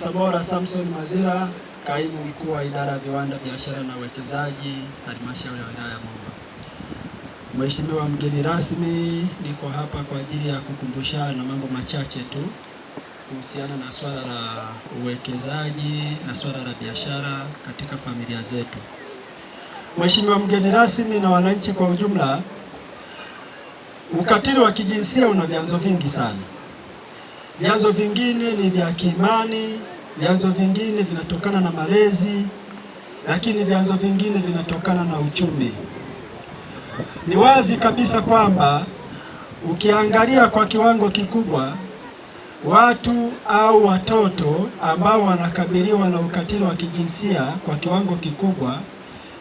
Sabora Samson Mazira, kaimu mkuu wa idara ya viwanda, biashara na uwekezaji, halmashauri ya wilaya ya Momba. Mheshimiwa mgeni rasmi, niko hapa kwa ajili ya kukumbushana mambo machache tu kuhusiana na swala la uwekezaji na swala la biashara katika familia zetu. Mheshimiwa mgeni rasmi na wananchi kwa ujumla, ukatili wa kijinsia una vyanzo vingi sana vyanzo vingine ni vya kiimani, vyanzo vingine vinatokana na malezi, lakini vyanzo vingine vinatokana na uchumi. Ni wazi kabisa kwamba ukiangalia kwa kiwango kikubwa watu au watoto ambao wanakabiliwa na ukatili wa kijinsia kwa kiwango kikubwa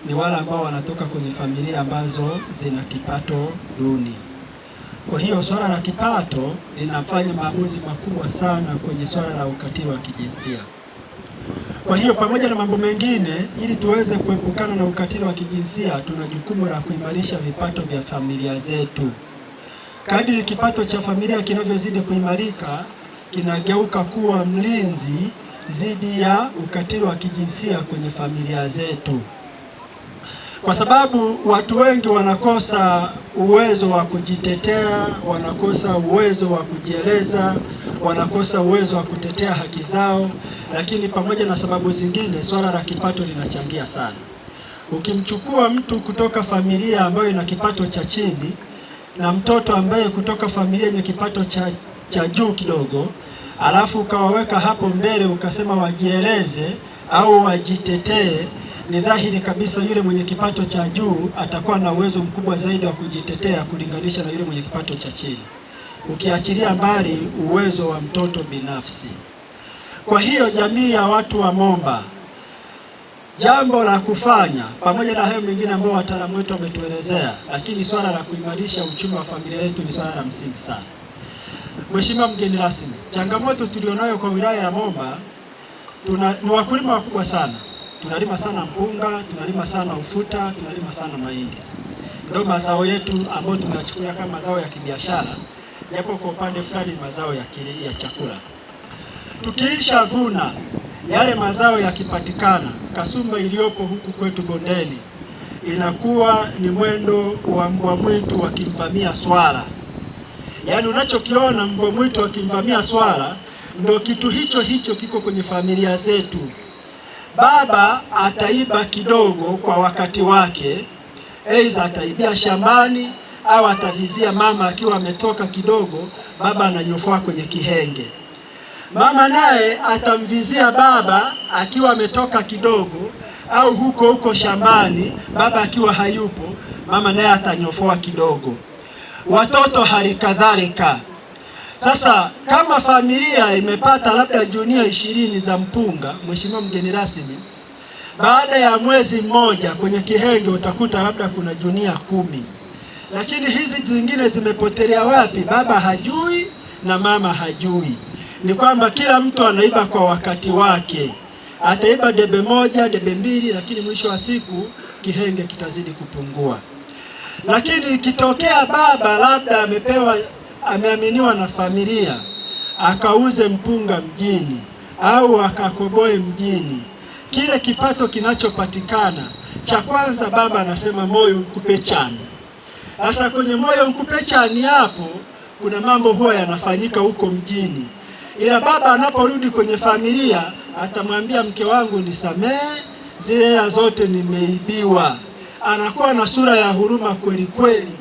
ni wale ambao wanatoka kwenye familia ambazo zina kipato duni. Kwa hiyo swala la kipato linafanya maamuzi makubwa sana kwenye swala la ukatili wa kijinsia. Kwa hiyo pamoja na mambo mengine, ili tuweze kuepukana na ukatili wa kijinsia, tuna jukumu la kuimarisha vipato vya familia zetu. Kadiri kipato cha familia kinavyozidi kuimarika, kinageuka kuwa mlinzi dhidi ya ukatili wa kijinsia kwenye familia zetu kwa sababu watu wengi wanakosa uwezo wa kujitetea, wanakosa uwezo wa kujieleza, wanakosa uwezo wa kutetea haki zao. Lakini pamoja na sababu zingine, swala la kipato linachangia sana. Ukimchukua mtu kutoka familia ambayo ina kipato cha chini na mtoto ambaye kutoka familia yenye kipato cha, cha juu kidogo, alafu ukawaweka hapo mbele ukasema wajieleze au wajitetee ni dhahiri kabisa yule mwenye kipato cha juu atakuwa na uwezo mkubwa zaidi wa kujitetea kulinganisha na yule mwenye kipato cha chini, ukiachilia mbali uwezo wa mtoto binafsi. Kwa hiyo jamii ya watu wa Momba, jambo la kufanya pamoja na hayo mengine ambayo wataalamu wetu wametuelezea, lakini swala la kuimarisha uchumi wa familia yetu ni swala la msingi sana. Mheshimiwa mgeni rasmi, changamoto tulionayo kwa wilaya ya Momba tuna, ni wakulima wakubwa sana tunalima sana mpunga, tunalima sana ufuta, tunalima sana mahindi. Ndio mazao yetu ambayo tunachukulia kama mazao ya kibiashara, japo kwa upande fulani mazao ya, kili, ya chakula. Tukiisha vuna yale mazao yakipatikana, kasumba iliyopo huku kwetu bondeni inakuwa ni mwendo wa mbwa mwitu wakimvamia swala. Yaani, unachokiona mbwa mwitu wakimvamia swala, ndio kitu hicho hicho kiko kwenye familia zetu baba ataiba kidogo kwa wakati wake, aidha ataibia shambani au atavizia mama akiwa ametoka kidogo, baba ananyofoa kwenye kihenge. Mama naye atamvizia baba akiwa ametoka kidogo, au huko huko shambani, baba akiwa hayupo, mama naye atanyofoa kidogo. Watoto hali kadhalika. Sasa kama familia imepata labda junia ishirini za mpunga, mheshimiwa mgeni rasmi, baada ya mwezi mmoja kwenye kihenge utakuta labda kuna junia kumi, lakini hizi zingine zimepotelea wapi? Baba hajui na mama hajui. Ni kwamba kila mtu anaiba kwa wakati wake, ataiba debe moja, debe mbili, lakini mwisho wa siku kihenge kitazidi kupungua. Lakini ikitokea baba labda amepewa ameaminiwa na familia akauze mpunga mjini au akakoboe mjini, kile kipato kinachopatikana cha kwanza, baba anasema moyo mkupe chani. Sasa kwenye moyo mkupe chani hapo kuna mambo huwa yanafanyika huko mjini, ila baba anaporudi kwenye familia atamwambia mke wangu nisamehe, zile hela zote nimeibiwa. Anakuwa na sura ya huruma kweli kweli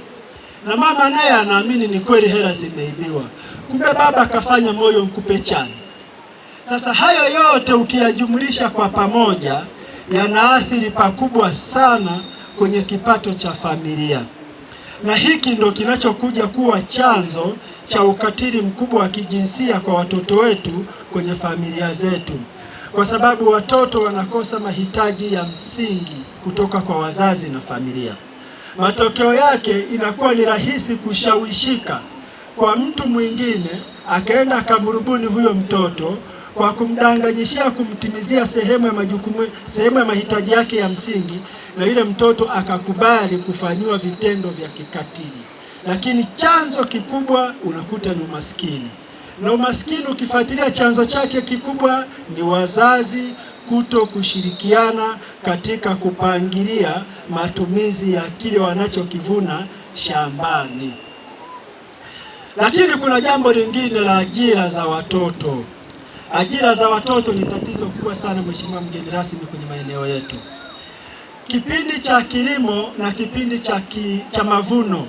na mama naye anaamini ni kweli hela zimeibiwa, kumbe baba akafanya moyo mkupe chani. Sasa hayo yote ukiyajumlisha kwa pamoja, yanaathiri pakubwa sana kwenye kipato cha familia, na hiki ndo kinachokuja kuwa chanzo cha ukatili mkubwa wa kijinsia kwa watoto wetu kwenye familia zetu, kwa sababu watoto wanakosa mahitaji ya msingi kutoka kwa wazazi na familia. Matokeo yake inakuwa ni rahisi kushawishika kwa mtu mwingine akaenda akamrubuni huyo mtoto kwa kumdanganyishia, kumtimizia sehemu ya majukumu, sehemu ya mahitaji yake ya msingi, na yule mtoto akakubali kufanyiwa vitendo vya kikatili. Lakini chanzo kikubwa unakuta ni umaskini, na umaskini ukifuatilia chanzo chake kikubwa ni wazazi kuto kushirikiana katika kupangilia matumizi ya kile wanachokivuna shambani. Lakini kuna jambo lingine la ajira za watoto. Ajira za watoto ni tatizo kubwa sana, Mheshimiwa mgeni rasmi, kwenye maeneo yetu. Kipindi cha kilimo na kipindi cha, ki, cha mavuno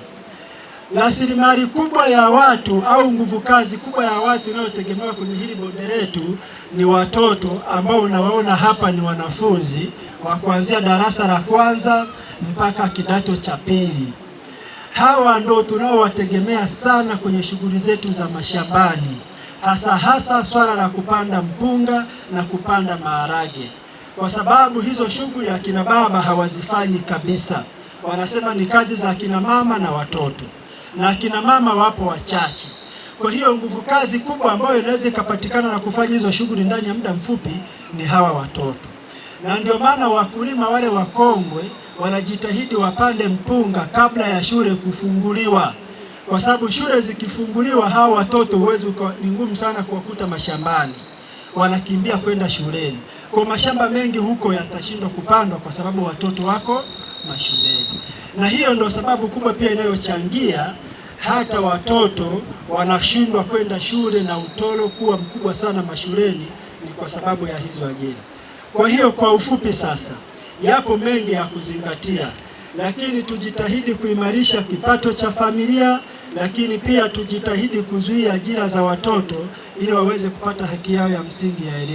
rasilimali kubwa ya watu au nguvu kazi kubwa ya watu inayotegemewa kwenye hili bonde letu ni watoto ambao unawaona hapa ni wanafunzi wa kuanzia darasa la kwanza mpaka kidato cha pili. Hawa ndio tunaowategemea sana kwenye shughuli zetu za mashambani, hasa hasa swala la kupanda mpunga na kupanda maharage, kwa sababu hizo shughuli akina baba hawazifanyi kabisa, wanasema ni kazi za akina mama na watoto na akina mama wapo wachache. Kwa hiyo nguvu kazi kubwa ambayo inaweza ikapatikana na kufanya hizo shughuli ndani ya muda mfupi ni hawa watoto, na ndio maana wakulima wale wakongwe wanajitahidi wapande mpunga kabla ya shule kufunguliwa, kwa sababu shule zikifunguliwa hawa watoto huwezi, ni ngumu sana kuwakuta mashambani, wanakimbia kwenda shuleni. Kwa mashamba mengi huko yatashindwa kupandwa kwa sababu watoto wako mashuleni, na hiyo ndo sababu kubwa pia inayochangia hata watoto wanashindwa kwenda shule na utoro kuwa mkubwa sana mashuleni ni kwa sababu ya hizo ajira. Kwa hiyo kwa ufupi, sasa yapo mengi ya kuzingatia, lakini tujitahidi kuimarisha kipato cha familia, lakini pia tujitahidi kuzuia ajira za watoto ili waweze kupata haki yao ya msingi ya elimu.